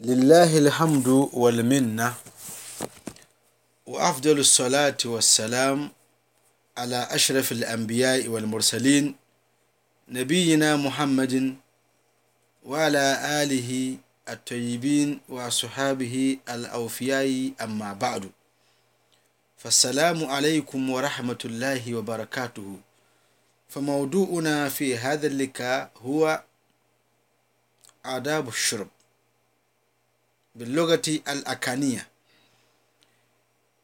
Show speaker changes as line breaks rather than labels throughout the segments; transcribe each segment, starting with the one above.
لله الحمد والمنة وأفضل الصلاة والسلام على أشرف الأنبياء والمرسلين نبينا محمد وعلى آله الطيبين وصحابه الأوفياء أما بعد فالسلام عليكم ورحمة الله وبركاته فموضوعنا في هذا اللقاء هو آداب الشرب باللغة الأكانية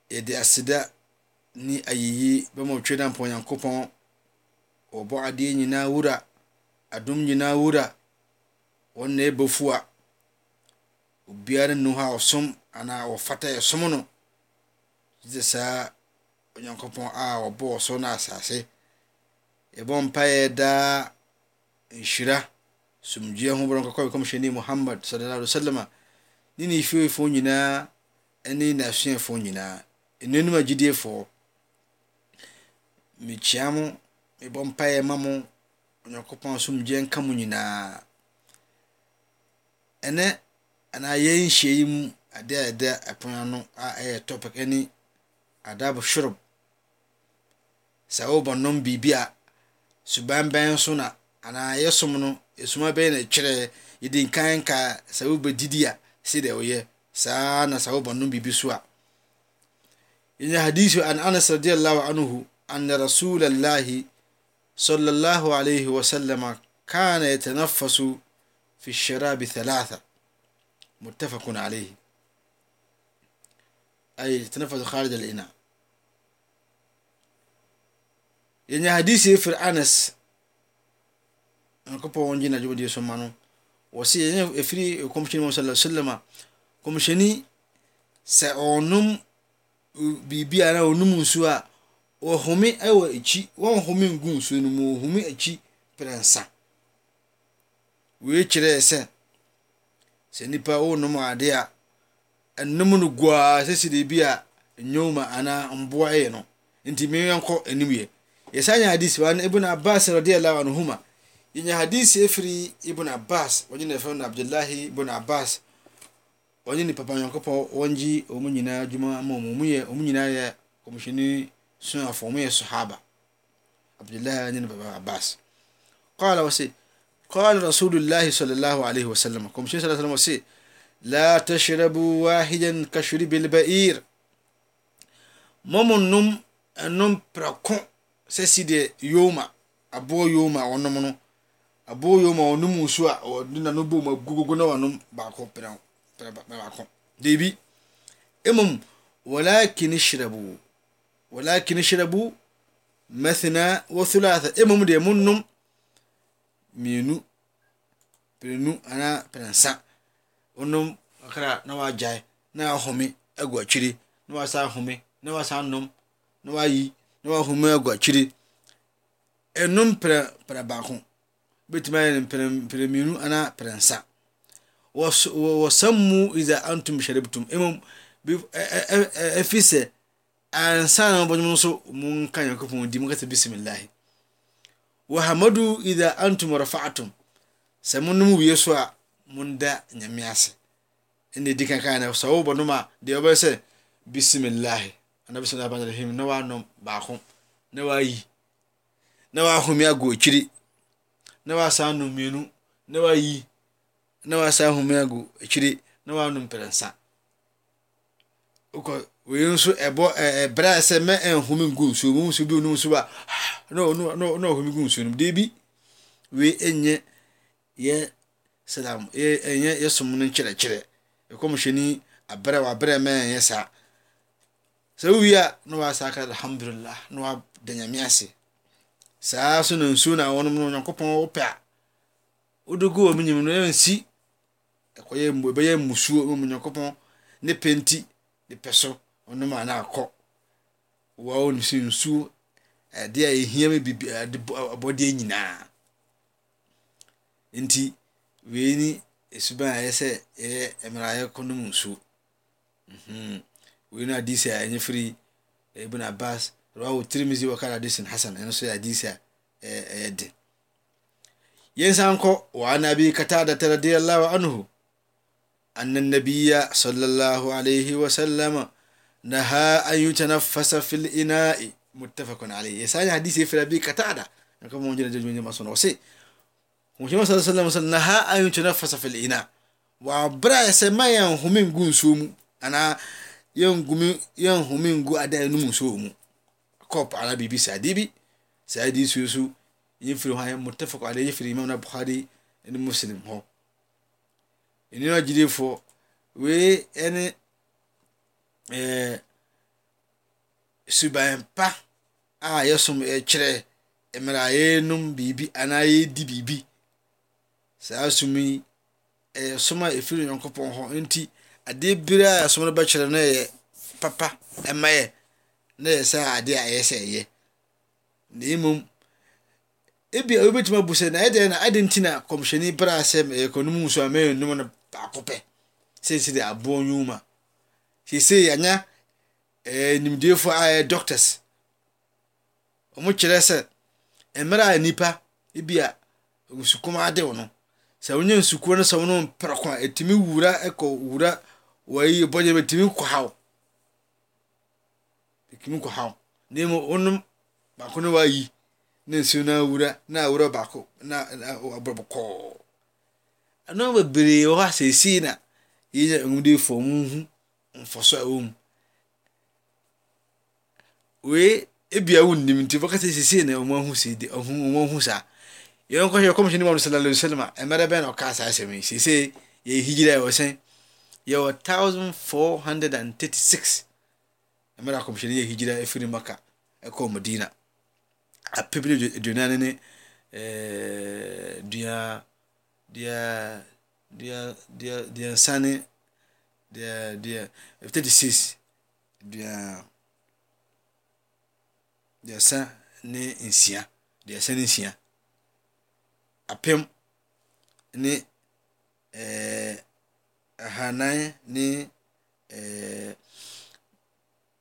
yɛde aseda ni ayiyi bɛma ɔtwe da mpa onyankopɔn wɔbɔ adeɛ nyinaa wura adom nyinaa wura wɔn na ɛbɔ fua obiara nnu hɔ a ɔsom anaa wɔfata ɛsom no sa saa onyankopɔn a ɔbɔ ɔsoro no asase yɛbɔ mpaeɛ daa nhyira sumdua ho bɔrɔ nkɔkɔ bɛkɔmhyɛni muhammad sallallahu alaihi wasallam a ne ne fiefoɔ nyinaa ne n'asuafoɔ nyinaa nnuanum agyidiefoɔ mekyia mo mebɔ mpaeɛ ma mo onyankopɔn asomgyeɛ nka mo nyinaa ɛnɛ anaa yɛn nhyia yi mu adeɛ a ɛda ɛpono ano a ɛyɛ topic ne adabo shorob sɛ wobɔ nom biribi a suban so na anaa yɛsom no esuma bɛyɛ na kyerɛ yɛdi nkan sɛ wobɛdidi a sida ɔyɛ saa na saa wɔbɛnom biribi so a yɛnyɛ hadisi an anas radiallahu anhu أن رسول الله صلى الله عليه وسلم كان يتنفس في الشراب ثلاثة متفق عليه أي يتنفس خارج الإناء يعني حديث في أنس أنا كبر ونجينا جودي سمانو wɔsi yɛn efiri kɔmhyɛni mu sɛlɛ sɛlɛm a kɔmhyɛni sɛ ɔnum biribi a na ɔnum nsuo a ɔhome ɛwɔ akyi wɔn home ngu nsuo no mu ɔhome akyi pɛrɛnsa wei kyerɛ sɛ sɛ nipa ɔnum adeɛ a ɛnum no guaa sisi de bi a nyoma anaa mboa ɛyɛ no nti mmea nkɔ anim yɛ yɛsan yɛ adi si wa ebi na abaa sɛ ɔdeɛ lawa no homa. yɛnya hadisi efiri ibn abbas wɔnye ne fɛn abdullahi ibn abbas wɔnye ne papa nyankopɔn wɔngye wɔn nyinaa adwuma ama wɔn mu yɛ wɔn nyinaa yɛ kɔmishini suafo wɔn yɛ sahaba abdullahi wɔnye ne papa abbas kɔɔla wɔ se kɔɔla rasulillahi sallallahu alaihi wa sallam kɔmishini sallallahu alaihi wa sallam wɔ se la tashrabu wahidan kashribil ba'ir mɔmu num num prako sɛ si deɛ yoma aboɔ yoma wɔnom no. abooyo ma ɔnum nsu a ɔde nanu bom agugugu na ɔnum baako pɛrɛw pɛrɛ baako deebi emom walakin hyerɛbu walakin hyerɛbu mɛsina wɔsulasa emom deɛ mo num mmienu pɛrɛnu anaa pɛrɛnsa ɔnum kakra na wagyae na ahome agu akyire na wasa ahome na wasa nom na wayi na wahome agu akyire ɛnum pɛrɛ pɛrɛ baako. bɛtumi ayɛ no mprɛmienu anaa prɛnsa wɔsammu idha antum sharibtum mmom ɛfiri sɛ ansa na mobɔdwom nso monka nyankopɔn di mokasa bisimillahi wahamadu idha antum rafa'atum sɛ monom wie so a monda nyame ase ɛne di kaka na sɛ wobɔnom a deɛ wɔbɛyɛ sɛ bisimillahi ana bisimillahi rahim na wanom baako na wayi na wahome agɔ akyiri na wasan anum mmienu na wayi na wasan ahome agu akyire na wanum mprɛnsa wokɔ wei nso ɛbɔ ɛɛ brɛ sɛ mɛ ɛnhome ngu nsuo mu nso bi onum nso ba ah, na ɔno na ɔno ɔhome gu nsuo no mu deebi wei ɛnyɛ yɛ silam yɛ ɛnyɛ yɛ som no nkyerɛkyerɛ ɛkɔmhyɛni abrɛ wabrɛ mɛ ɛnyɛ saa sɛ wowie a na wasa aka alhamdulilah na wada nyame ase saa so na nsuo na wɔnom no onyankopɔn wopɛ a wode gu wɔm nyim no ɛnsi ɛkɔyɛ mbu ɛbɛyɛ mmusuo mu onyankopɔn ne pɛ nti de pɛ so ɔnom a na akɔ wɔwo no sɛ nsuo ɛde a ɛhia me bibi ɛde abɔdeɛ nyinaa nti wei ni esuban a ɛyɛ sɛ ɛyɛ mmerɛ a yɛkɔ nom nsuo mhm. wei no adi sɛ ɛnyɛ firi ibn abbas rawahu tirmidhi wa kana hadisin hasan ɛno so yɛ hadisi a ɛyɛ den yɛn san kɔ wa an abi qatada radiyallahu anhu anna nabiyya sallallahu alayhi wa sallam naha an yutanaffasa fil ina'i muttafaqun alayhi yɛn san yɛ hadisi fɛ abi qatada ɛn kama wɔn jɛnɛ jɛnɛ ma sɔnna ɔsi muhammad sallallahu alayhi wa sallam naha an yutanaffasa fil ina'i wa bra yɛ sɛ ma yɛn homin gu nsuo mu anaa yɛn gumi yɛn homin gu adan no mu nsuo mu cup anaa biribi saa debi saa adiisuo so yɛmfiri hɔ a mutafak ale yɛfiri imam na buhari ne muslim hɔ ɛni no agyidefoɔ wei ɛne ɛɛ suban pa a yɛsom ɛkyerɛ mmerɛ a yɛnom biribi anaa yɛdi biribi saa som yi ɛyɛ som a ɛfiri nyankopɔn hɔ nti adeɛ biara a som no bɛkyerɛ no yɛ papa ɛma yɛ na yɛ sɛ adeɛ a ɛyɛ sɛ ɛyɛ na mmom ebi a wobɛtumi abu sɛ na ɛdeɛ na ade nti na kɔmhyɛni bere a sɛ ɛkɔnum nsu a mɛyɛ num no baako pɛ sɛnsi de aboɔ nwoma seesei anya ɛɛ eh, nimdiefoɔ a ɛyɛ doctors wɔn kyerɛ sɛ mmerɛ a nipa ebi a nsukum adew no sɛ wonye nsukuo no sɛ wɔn mpɛrɛ kwan etumi wura ɛkɔ wura wɔyi bɔdze bɛtumi kɔ haw ɛtumi kɔ haw na mu wɔnom baako no wayi na nsuo no awura na awura baako na wabrɛ bɔkɔɔ ɛno bebree wɔ hɔ a seesei na yɛnya nwudefoɔ mu hu mfɔso a ɛwɔ mu wei ebia nnim nti wɔka sɛ seesei na ɔmo ahu sei de ɔmo ahu saa yɛn kɔhwɛ kɔmhyɛn mu sallallahu alaihi wasallam a mmerɛ bɛn na ɔkaa saa asɛm yi yɛ higyira a ɛwɔ sɛn yɛwɔ thousand four hundred and thirty six mmerɛ akɔmhyɛne yɛ higyira ɛfiri maka ɛkɔ madina apebire aduane ne dua dia dia dia dia nsa dia dia dua thirty six dua dua nsa ne nsia dua nsa ne nsia apem ne ɛɛ ahanan ne ɛɛ.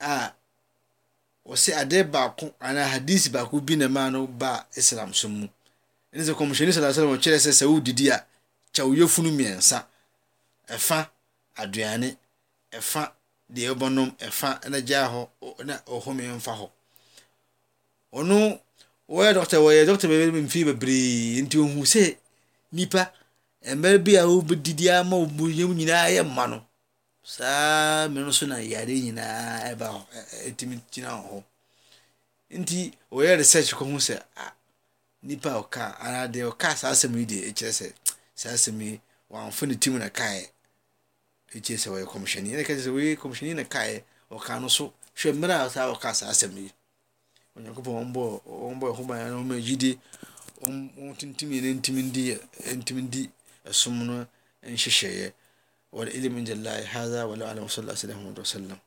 a wɔsɛ adeɛ baako anaa hadisi baako bi na ɛmaa no baa islam so mu ɛne sɛ kɔmhyɛni sɛ lasɛlɛm ɔkyerɛ sɛ sɛ wodidi a kyɛ wo yɛfunu mmiɛnsa ɛfa aduane ɛfa deɛ ɛbɔnom ɛfa na gyaa hɔ na ɔhome mfa hɔ ɔno wɔyɛ dɔkta wɔyɛ dɔkta bɛbɛ mfii bebree nti ohu sɛ nipa mmerɛ bi a wobɛdidi ama wo yam nyinaa yɛ mma no saa mmiri nso na yare nyinaa ɛba hɔ ɛtumi gyina hɔ nti wɔyɛ research kɔ ho sɛ a nipa a ɔka anaa deɛ ɔka saa asɛm yi deɛ ɛkyerɛ sɛ saa asɛm yi wɔamfa ne tim na kaeɛ ɛkyerɛ sɛ wɔyɛ kɔmhyɛni ɛna ɛka kyerɛ sɛ wɔyɛ kɔmhyɛni na kaeɛ ɔka no so hwɛ mmerɛ a saa ɔka saa asɛm yi onyankopɔn ɔmbɔ ɔmbɔ ɛho ban na ɔma gyidi ɔm ɔntintimi ne ntimi ndi ɛsom no nhyehyɛeɛ والإذن من جلاء هذا ولا أعلم وصلى الله عليه وسلم